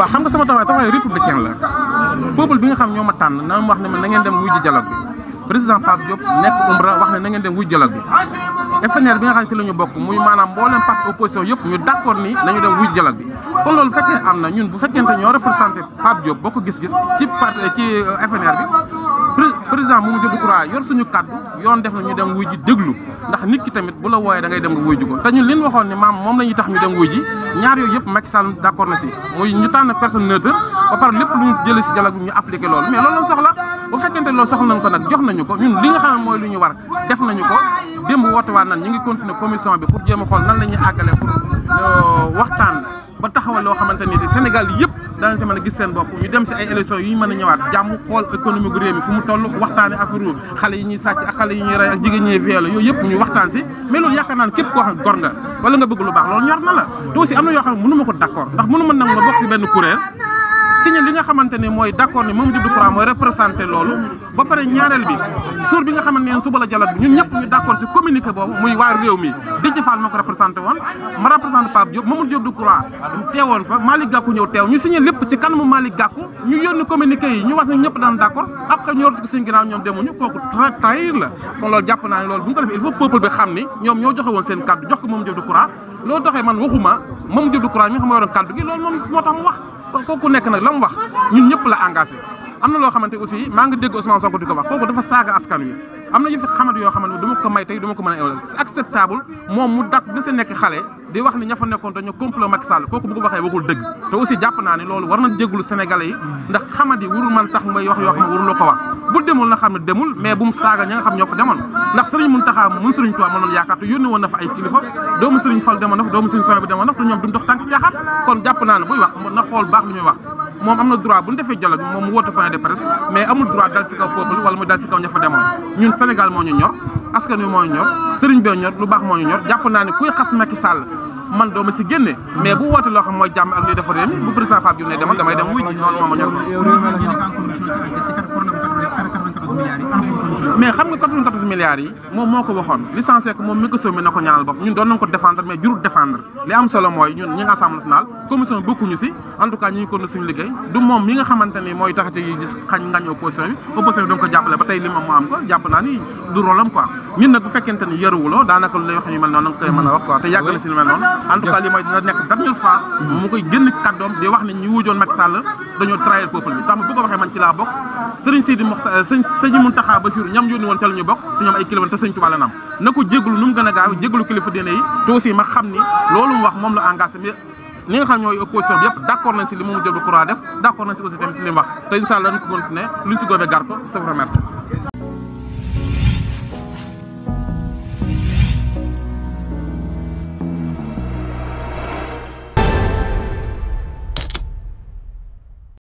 waaw xam nga sama taxawaay taxawaay républicain la peuple bi nga xam ñoo ma tànn na ma wax ne ma na ngeen dem wuy ji dialogue bi président Pape Diop nekk Umra wax ne na ngeen dem wuy dialogue bi FNR bi nga xam ne ci la ñu bokk muy maanaam mboolem parti opposition yëpp ñu d'accord ni nañu dem wuy dialogue bi kon loolu fekkee am na ñun bu fekkente ñoo représenté Pape boo ko gis-gis ci parti ci euh, FNR bi président Mamadou Decroix yor suñu kàddu yoon def na ñu dem wuy ji déglu ndax nit ki tamit bu la wooyee da ngay dem nga wuy ji ko te ñun li ñu waxoon ne maam moom la ñuy tax ñu dem wuy ji ñaar yooyu yëpp Macky Sall d'accord na ñu tànn personne neutre ba pare lépp lu ñu jëlee si dialogue ñu appliqué loolu mais loolu lañ soxla bu fekkente loolu soxla nañ ko nag jox nañu ko ñun li nga xam mooy lu ñu war def nañu ko démb woote waat nan ñu ngi continuer commission bi pour jéem a xool nan la ñuy àggale pour euh, waxtaan ba taxawal loo xamante ni Sénégal yëpp daañu mën a gis seen bopp ñu dem si ay élections yu ñu mën a ñëwaat jàmm xool économie gu réew mi fu mu toll waxtaane affaire xale yi ñuy sàcc ak xale yi ñuy rey ak jigéen ñi yooyu yëpp ñu waxtaan si mais loolu yaakaar naan képp koo xam gor nga wala nga bëgg lu baax loolu ñor na la te aussi am na yoo xam ne ko d'accord ndax mënu ma nga bokk si benn kuréel signé li nga xamante ne mooy d' accord represente moom Djibril Kura elbi, représenté loolu ba pare ñaareel bi jour bi nga xamante suba la dialogue ñun ñëpp ñu d' accord si communiqué boobu muy waa réew mi Déthié Fall moo ko représenté woon ma représenté Pape Diop Mamadou Diop Decroix fa Malick Gakou ñëw teew ñu signé lépp ci kanamu Malick Gakou ñu yónni communiqué yi ñu wax ne ñëpp daan d' accord après ñoo ko seen ginnaaw ñoom demuñu kooku tra trahir la kon loolu jàpp naa ne bu ko defee il faut peuple bi joxe seen jox ko man waxuma nga gi mu wax kooku nekk nag la mu wax ñun ñëpp la engagé am na loo xamante aussi maa ngi dégg Ousmane Sonko di ko wax kooku dafa saaga askan wi am na yu fi xamante yoo xamante duma ko may tey duma ko mën a éwal c'est acceptable moom mu dak na sa nekk xale di wax ni ña fa nekkoon dañoo complot Macky Sall kooku bu ko waxee waxul dëgg te aussi jàpp naa ne loolu war na jégalu Sénégalais yi ndax xamadi warul man tax may wax yoo xam ne ko wax bu demul na xam ne demul mais bu saaga ña nga xam ñoo fa demoon ndax sëriñ Mountakha mun sëriñ Touba mënoon yaakaar te woon na fa ay kilifa doomu sëriñ Fall demoon doomu sëriñ Sow demoon na fa te ñoom dox tànk caaxaat kon jàpp naa ne buy wax na xool baax lu ñuy wax moom am na droit bu ñu defee dialogue askan wi moo ñor sëriñ bee ñor lu baax moo ñu ñor jàpp naa ne kuy xas Macky Sall man dooma si génne mais bu woote loo xam mooy jàmm ak luy defar réew mi bu président Pape ne demal damay dem wuy ji loolu ma ñor mais xam nga 94 milliards yi mom moko waxone waxoon licencié ko moom mi ko sommé na ñaanal bop ñun doon nañ ko défendre mais jurut défendre li am solo moy ñun ñi nga assemblée nationale commission bokku ñu ci en tout cas ñi ngi ko suñu liggéey du mom mi nga xamanteni moy mooy taxati gis xañ ngañ opposition bi opposition donc jappalé ba tay li moom mu am ko japp na ni du rolam quoi ñun nak bu fekkente ni yaruwuloo daanaka lu lay wax ñu mel non nga koy mëna wax quoi te yàgg na si mel non en tout cas li moy dina nek dernière fois mu koy gën kaddom di wax ni ñu wujoon Macky Sall dañu trahir peuple bi tam bu ko waxee man ci la bok Serigne Sidi Mokhtar Serigne Serigne Mountakha Bassirou ñam ñu yónni woon ca la ñu bokk te ñoom ay kilifa te sëñ na ko jégalu nu mu gën a gaaw jégalu kilifa diine yi te aussi xam ni loolu mu wax moom la engagé mais ni nga xam ñooy opposition bi yëpp d' accord nañ si li moom jël du courant def d' nañ si aussi tamit li mu wax te incha allah dañ ko continuer luñ si góobee gar ko je vous remercie